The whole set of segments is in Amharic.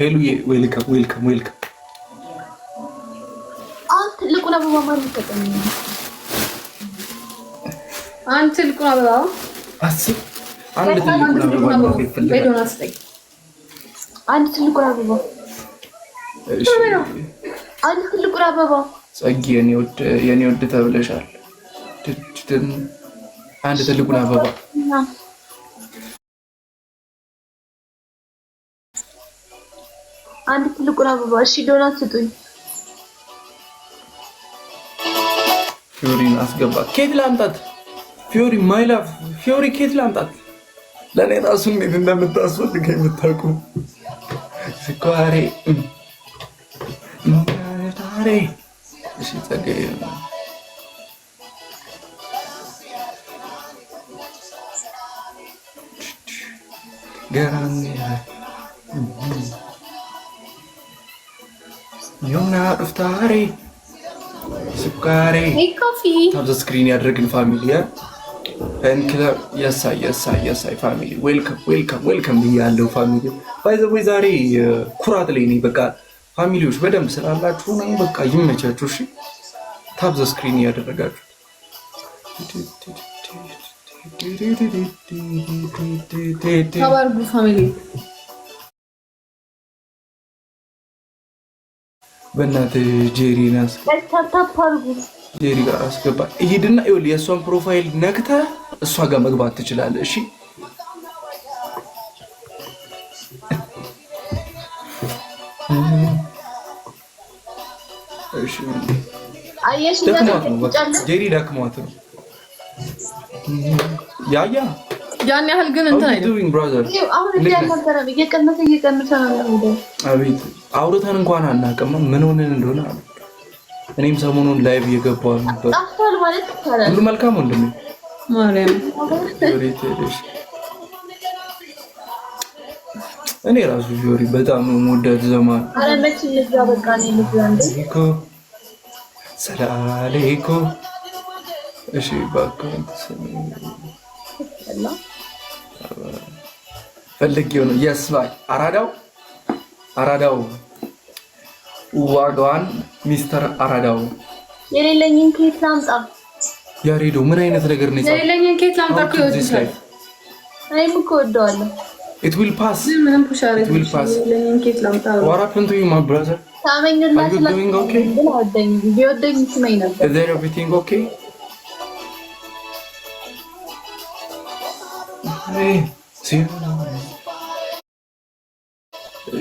ሄሉ ዌልካም ዌልካም ዌልካም። አንተ ልቁን አበባ ማን ይቀጠኝ? አንድ ትልቁን አበባ በዶናስ ጠይቅ። አንድ ትልቁን አበባ እሺ፣ የኔ ወድ ተብለሻል። አንድ ትልቁን አበባ አንድ ትልቁን አበባ እሺ፣ ዶናት ስጡኝ። ፊዮሪን አስገባ። ኬት ላምጣት? ፊዮሪ ማይ ላቭ ፊዮሪ፣ ኬት ላምጣት? ለእኔ ራሱ እንዴት እንደምታስፈልገ የምታውቁ ስኳሬ ታሬ እሺ፣ ጸጋዬ ገራሚ ይሁና እፍታሬ ኮፊ ታብዘ ስክሪን ያደረግን ፋሚሊ እንክለብ የሳይ የሳይ የሳይ ፋሚሊ ዌልከም ዌልከም ዌልከም ብያለሁ ፋሚሊ። ባይ ዘ ወይ ዛሬ ኩራት ላይ ነኝ። በቃ ፋሚሊዎች በደንብ ስላላችሁ ነው። በቃ ይመቻችሁ። እሺ ታብዘ ስክሪን ያደረጋችሁ ታባርጉ ፋሚሊ በእናት ጄሪ ናስ ጄሪ ጋር አስገባ። ይሄድና ይኸውልህ የእሷን ፕሮፋይል ነክተ እሷ ጋር መግባት ትችላለህ። እሺ ደክሟት ነው ጄሪ፣ ደክሟት ነው ያያ ያን ያህል ግን እንትን አይደለም። አሁን ነው። አቤት አውርተን እንኳን አናውቅም ምን ሆነን እንደሆነ። እኔም ሰሞኑን ላይቭ እየገባሁ ነበር። ማለት ሁሉ መልካም ወንድሜ እኔ ራሱ ጆሪ በጣም የምወዳት ዘማን ሰላም አለይኩም። እሺ እባክህ ፈልጌው ነው የስባይ አራዳው አራዳው ዋጋዋን ሚስተር አራዳው የሌለኝን ኬት ላምጣ። ያሬዶ ምን አይነት ነገር ነው? የሌለኝን ኬት ላምጣ እኮ ይወድሻል። እኔም እኮ እወደዋለሁ። ኢት ዊል ፓስ ምንም ፑሻሪ ኢት ዊል ፓስ የሌለኝን ኬት ላምጣ። ዋራ ፕንቱ ዩ ማይ ብራዘር? ታመኝና ስለኝ ኦኬ ኦኬ?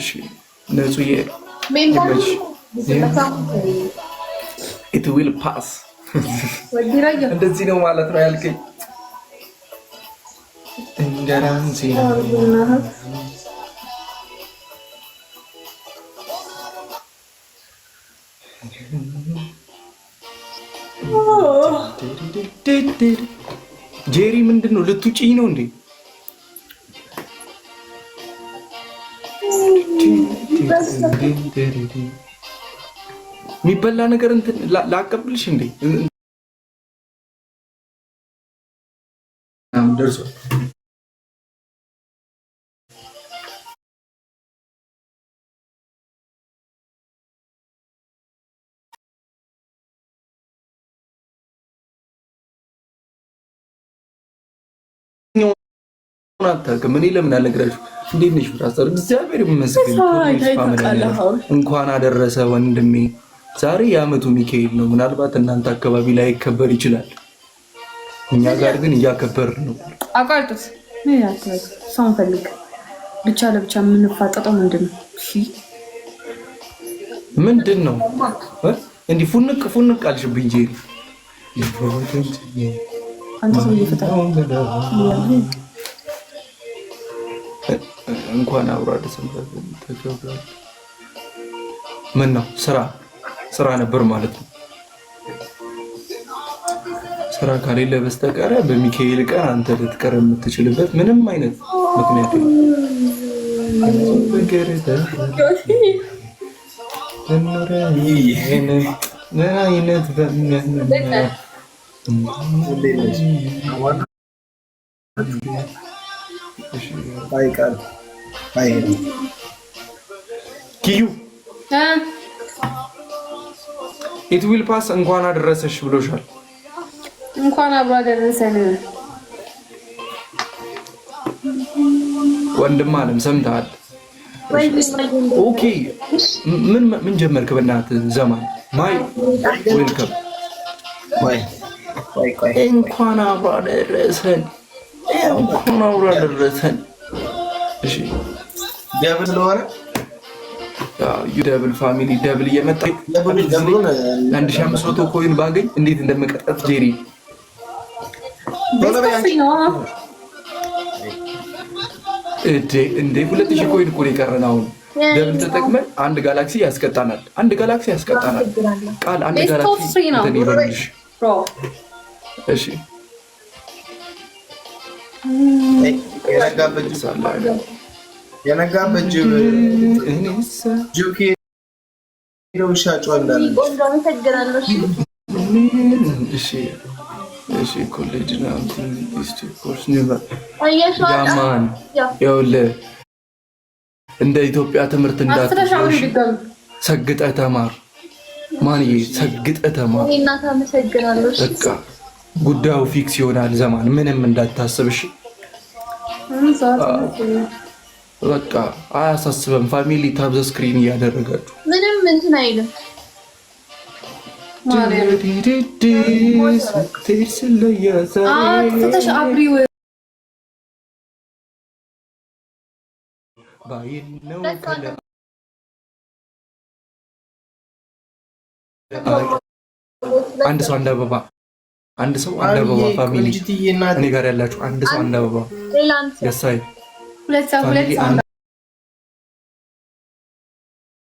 ሲሆን ኢት ዊል ፓስ እንደዚህ ነው ማለት ነው ያልከኝ። እንጀራን ሲና ጄሪ ምንድን ነው ልትውጪኝ ነው እንዴ? የሚበላ ነገር እንትን ላቀብልሽ እንዴ? ደርሷል። አታውቅም። እኔ ለምን አልነግራችሁም? እንዴት ነሽ? ብራስተር እግዚአብሔር ይመስገን እንኳን አደረሰ ወንድሜ። ዛሬ የዓመቱ ሚካኤል ነው። ምናልባት እናንተ አካባቢ ላይ ይከበር ይችላል፣ እኛ ጋር ግን እያከበር ነው። አቋርጡት። ሰውን ፈልግ። ብቻ ለብቻ የምንፋጠጠው ምንድን ነው? ምንድን ነው እንዲህ ፉንቅ ፉንቅ አልሽብኝ እንጂ እንኳን አብሮ አዲስ ተገብቷል። ምን ነው ስራ ስራ ነበር ማለት ነው። ስራ ከሌለ በስተቀረ በሚካኤል ቀን አንተ ልትቀር የምትችልበት ምንም አይነት ምክንያት የለም። አይሄድም። ኪዩ ኢት ዊል ፓስ እንኳን አደረሰሽ ብሎሻል። እንኳን አብሮ አደረሰን። ወንድም አለም ሰምተሃል? ኦኬ ምን ምን ጀመርክ? በእናትህ ዘማን ማይ ዌልከም እንኳን አብሮ አደረሰን። እንኳን አብሮ አደረሰን ደብል ስለሆነ ደብል ፋሚሊ ደብል እየመጣ አንድ ሺህ አምስት መቶ ኮይን ባገኝ እንዴት እንደምቀጠፍ ጄሪ እንዴ ሁለት ሺህ ኮይን እኮ ነው የቀረን። አሁን ደብል ተጠቅመን አንድ ጋላክሲ ያስቀጣናል። አንድ ጋላክሲ ያስቀጣናል። ቃል አንድ ጋላክሲ እሺ የነጋበት ጅብ ጅብ ከሄደ ውሻ ጮኸ ኮሌጅ ያማን ይኸውልህ፣ እንደ ኢትዮጵያ ትምህርት እንዳትሽ ሰግጠ ተማር። ማንዬ ሰግጠ ተማር። በቃ ጉዳዩ ፊክስ ይሆናል። ዘማን ምንም እንዳታስብሽ። በቃ አያሳስበም። ፋሚሊ ታብዘ ስክሪን እያደረጋችሁ ምንም እንትን አይልም። አንድ ሰው አንድ አበባ፣ አንድ ሰው አንድ አበባ። ፋሚሊ እኔ ጋር ያላችሁ አንድ ሰው አንድ አበባ ሁለት ሰው ሁለት ሰው